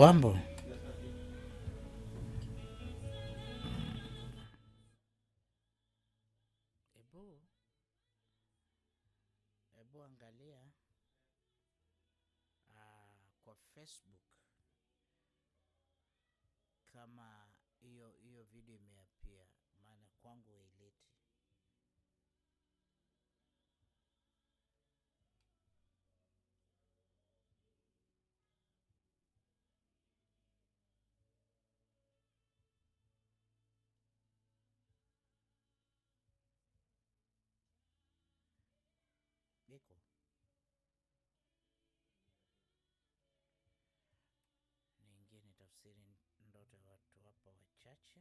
Wambo ebu ebu angalia uh, kwa Facebook kama hiyo hiyo video ime niingie ni tafsiri ndoto ya watu hapa wachache.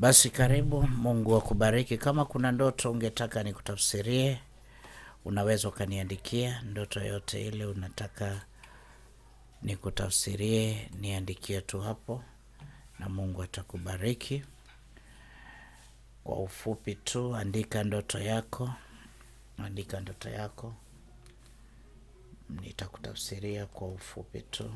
Basi karibu, Mungu akubariki. Kama kuna ndoto ungetaka nikutafsirie, unaweza ukaniandikia ndoto yote ile unataka nikutafsirie, niandikie tu hapo na Mungu atakubariki. Kwa ufupi tu, andika ndoto yako, andika ndoto yako, nitakutafsiria kwa ufupi tu.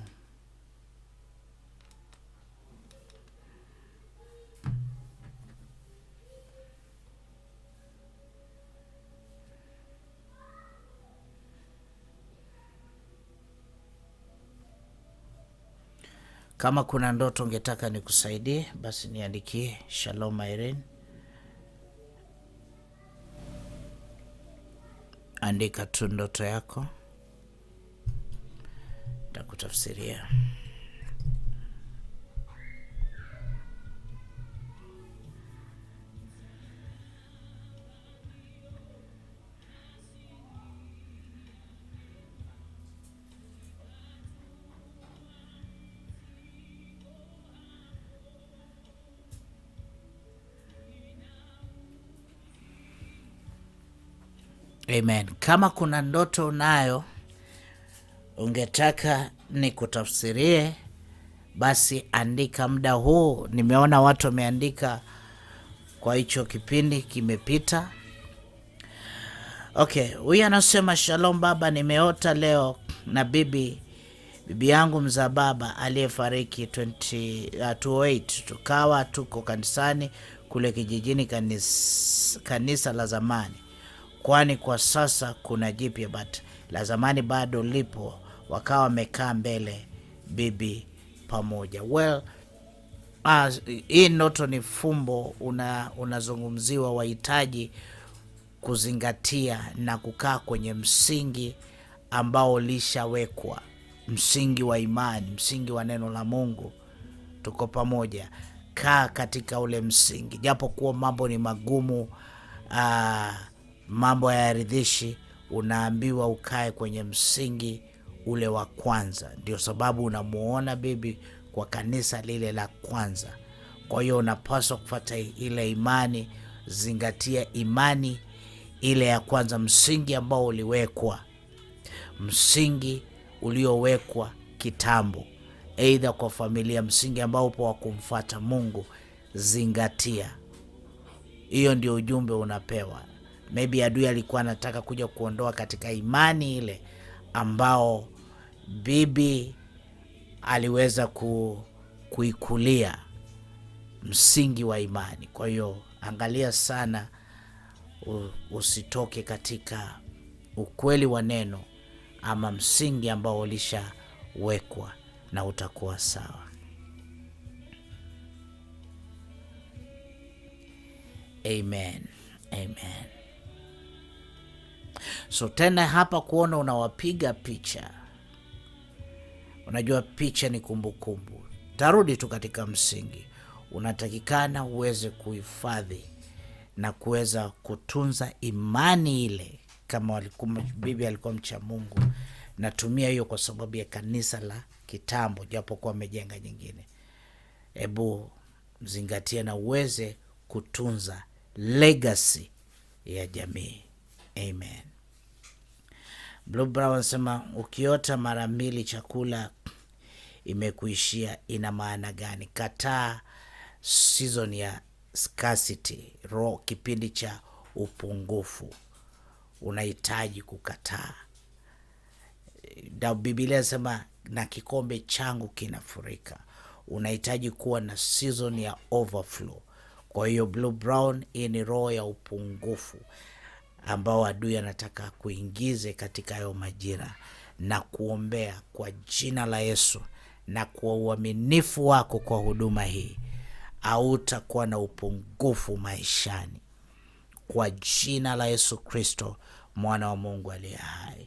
Kama kuna ndoto ungetaka nikusaidie, basi niandikie Shalom Irene, andika tu ndoto yako, takutafsiria. Amen. Kama kuna ndoto unayo ungetaka ni kutafsirie basi andika muda huu. Nimeona watu wameandika kwa hicho kipindi kimepita. Okay, huyu anasema shalom baba, nimeota leo na bibi bibi yangu mzaa baba aliyefariki 28 uh, tukawa tuko kanisani kule kijijini, kanisa, kanisa la zamani kwani kwa sasa kuna jipya, but la zamani bado lipo. Wakawa wamekaa mbele bibi pamoja. Well, hii ah, hii ndoto ni fumbo unazungumziwa, wahitaji kuzingatia na kukaa kwenye msingi ambao ulishawekwa, msingi wa imani, msingi wa neno la Mungu. Tuko pamoja, kaa katika ule msingi, japo kuwa mambo ni magumu uh, mambo hayaridhishi, unaambiwa ukae kwenye msingi ule wa kwanza. Ndio sababu unamuona bibi kwa kanisa lile la kwanza. Kwa hiyo unapaswa kufata ile imani, zingatia imani ile ya kwanza, msingi ambao uliwekwa, msingi uliowekwa kitambo, eidha kwa familia, msingi ambao upo wa kumfata Mungu, zingatia. Hiyo ndio ujumbe unapewa maybe adui alikuwa anataka kuja kuondoa katika imani ile ambao bibi aliweza ku, kuikulia msingi wa imani. Kwa hiyo angalia sana usitoke katika ukweli wa neno ama msingi ambao ulishawekwa na utakuwa sawa. Amen. Amen. So tena hapa kuona unawapiga picha, unajua picha ni kumbukumbu kumbu. Tarudi tu katika msingi, unatakikana uweze kuhifadhi na kuweza kutunza imani ile, kama walikuwa bibi alikuwa mcha Mungu. Natumia hiyo kwa sababu ya kanisa la kitambo, japokuwa amejenga nyingine. Hebu zingatia na uweze kutunza legasi ya jamii. Amen. Bob Brown anasema ukiota mara mbili chakula imekuishia ina maana gani? Kataa season ya scarcity raw, kipindi cha upungufu, unahitaji kukataa. Biblia anasema na kikombe changu kinafurika. Unahitaji kuwa na season ya overflow. Kwa hiyo Blue Brown, hii ni roho ya upungufu ambao adui anataka kuingize katika hayo majira, na kuombea kwa jina la Yesu na kwa uaminifu wako kwa huduma hii, hautakuwa na upungufu maishani, kwa jina la Yesu Kristo mwana wa Mungu aliye hai.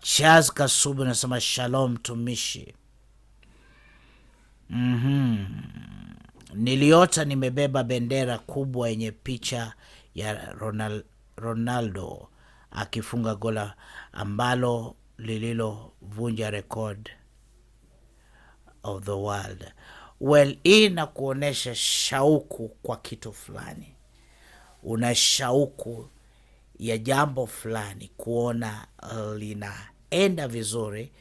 Chaz Kasubu nasema shalom, mtumishi. mm -hmm. Niliota nimebeba bendera kubwa yenye picha ya Ronald Ronaldo akifunga gola ambalo lililovunja record of the world. Well, hii na kuonyesha shauku kwa kitu fulani, una shauku ya jambo fulani kuona linaenda vizuri,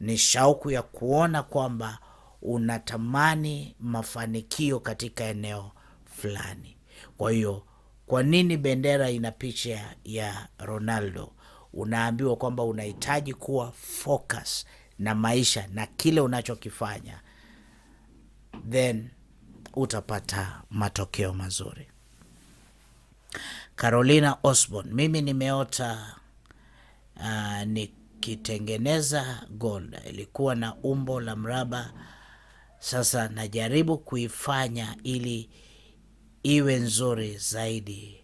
ni shauku ya kuona kwamba unatamani mafanikio katika eneo fulani, kwa hiyo kwa nini bendera ina picha ya Ronaldo? Unaambiwa kwamba unahitaji kuwa focus na maisha na kile unachokifanya, then utapata matokeo mazuri. Carolina Osborn, mimi nimeota uh, nikitengeneza gold ilikuwa na umbo la mraba. Sasa najaribu kuifanya ili iwe nzuri zaidi.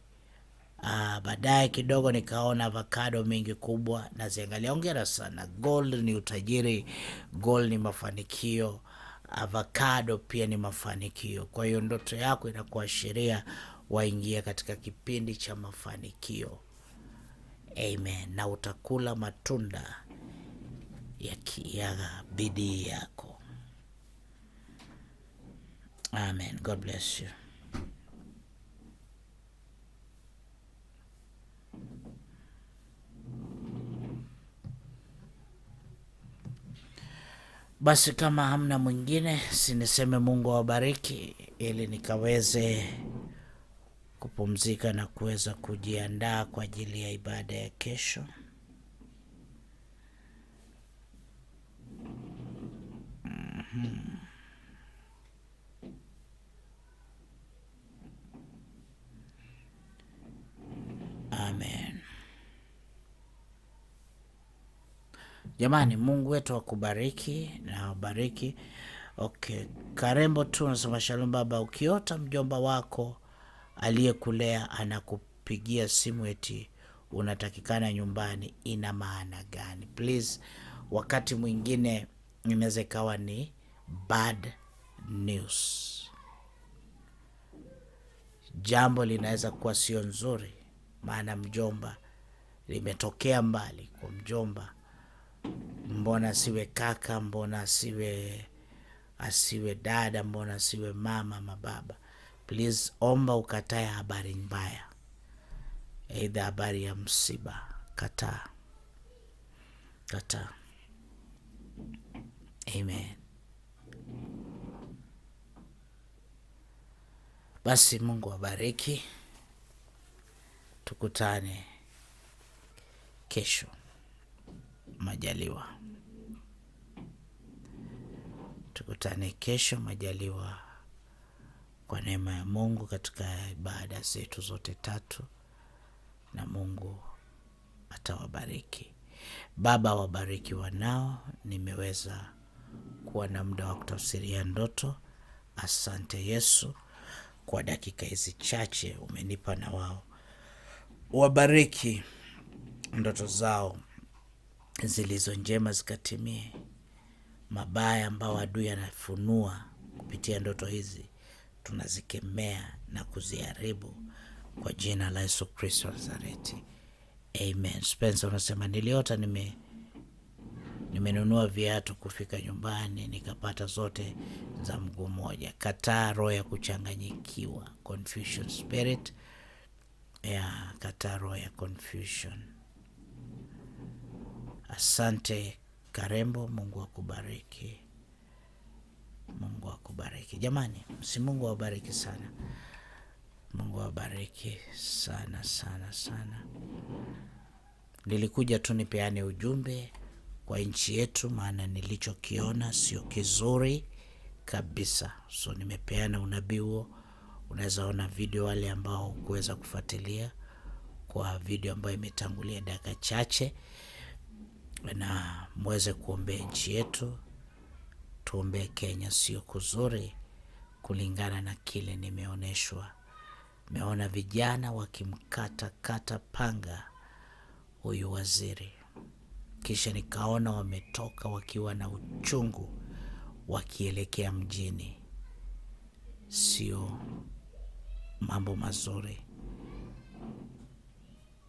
Uh, baadaye kidogo nikaona avocado mingi kubwa na ziangalia. Ongera sana. Gold ni utajiri, gold ni mafanikio, avocado pia ni mafanikio. Kwa hiyo ndoto yako inakuashiria waingia katika kipindi cha mafanikio. Amen. Na utakula matunda ya, ya bidii yako. Amen. God bless you. Basi kama hamna mwingine, siniseme Mungu awabariki, ili nikaweze kupumzika na kuweza kujiandaa kwa ajili ya ibada ya kesho. mm -hmm. Amen. Jamani, Mungu wetu akubariki akubariki. Okay, Karembo tu nasema shalom baba, ukiota mjomba wako aliyekulea anakupigia simu eti unatakikana nyumbani, ina maana gani? Please, wakati mwingine inaweza ikawa ni bad news, jambo linaweza kuwa sio nzuri, maana mjomba limetokea mbali kwa mjomba mbona asiwe kaka, mbona asiwe asiwe dada, mbona asiwe mama mababa Please omba ukatae habari mbaya, aidha habari ya msiba. Kataa, kataa. Amen. Basi Mungu abariki tukutane kesho. Majaliwa. Tukutane kesho majaliwa, kwa neema ya Mungu katika ibada zetu zote tatu, na Mungu atawabariki. Baba, wabariki wanao. Nimeweza kuwa na muda wa kutafsiria ndoto. Asante Yesu kwa dakika hizi chache umenipa na wao, wabariki ndoto zao zilizo njema zikatimie, mabaya ambayo adui anafunua kupitia ndoto hizi tunazikemea na kuziharibu kwa jina la Yesu Kristo Nazareti, amen. Spencer unasema niliota nime nimenunua viatu kufika nyumbani nikapata zote za mguu mmoja. Kataa roho ya kuchanganyikiwa, confusion spirit ya, kataa roho ya confusion Asante Karembo, Mungu akubariki, Mungu akubariki. Jamani, si Mungu awabariki sana, Mungu awabariki sana sana sana. Nilikuja tu nipeane ujumbe kwa nchi yetu, maana nilichokiona sio kizuri kabisa, so nimepeana unabii huo. Unaweza ona video wale ambao kuweza kufuatilia kwa video ambayo imetangulia dakika chache na mweze kuombea nchi yetu, tuombee Kenya. Sio kuzuri kulingana na kile nimeonyeshwa. Meona vijana wakimkata kata panga huyu waziri, kisha nikaona wametoka wakiwa na uchungu wakielekea mjini. Sio mambo mazuri.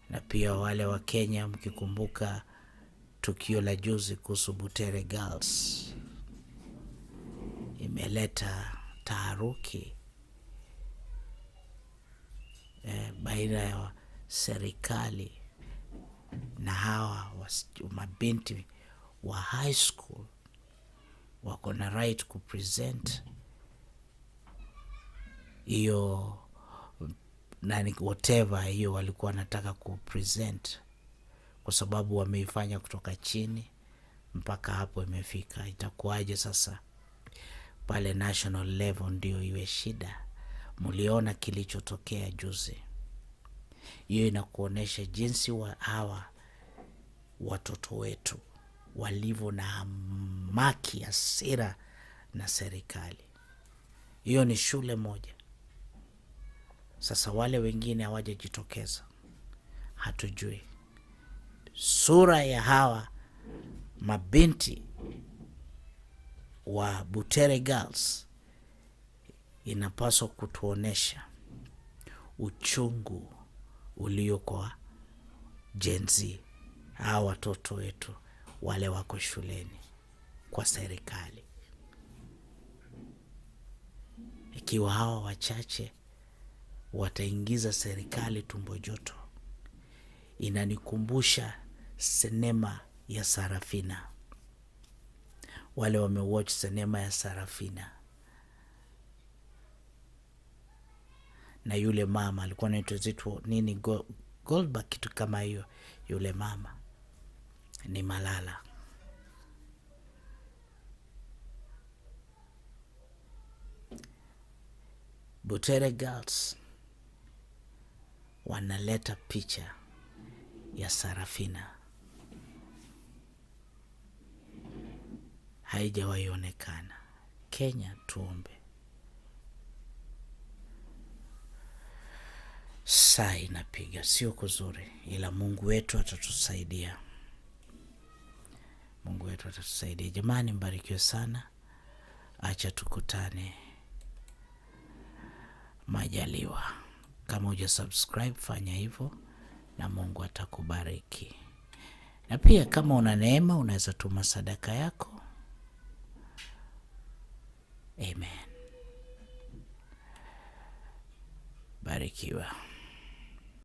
Na pia wale wa Kenya, mkikumbuka tukio la juzi kuhusu Butere Girls imeleta taharuki e, baina ya serikali na hawa mabinti wa high school wako na right kupresent hiyo nani, whatever hiyo walikuwa wanataka kupresent kwa sababu wameifanya kutoka chini mpaka hapo imefika. Itakuwaje sasa pale national level? Ndio iwe shida. Mliona kilichotokea juzi, hiyo inakuonyesha jinsi wa hawa watoto wetu walivyo na hamaki, hasira na serikali. Hiyo ni shule moja. Sasa wale wengine hawajajitokeza, hatujui sura ya hawa mabinti wa Butere Girls inapaswa kutuonesha uchungu ulio kwa Gen Z, hawa watoto wetu wale wako shuleni, kwa serikali. Ikiwa hawa wachache wataingiza serikali tumbo joto, inanikumbusha sinema ya Sarafina. Wale wamewatch sinema ya Sarafina na yule mama alikuwa zitwa nini Goldberg, kitu kama hiyo. Yule mama ni Malala. Butere Girls wanaleta picha ya Sarafina. haijawahi onekana. Kenya tuombe. Saa inapiga, sio kuzuri, ila Mungu wetu atatusaidia. Mungu wetu atatusaidia. Jamani, mbarikiwe sana. Acha tukutane majaliwa. Kama uja subscribe fanya hivyo, na Mungu atakubariki. Na pia kama una neema, unaweza tuma sadaka yako Amen. Barikiwa.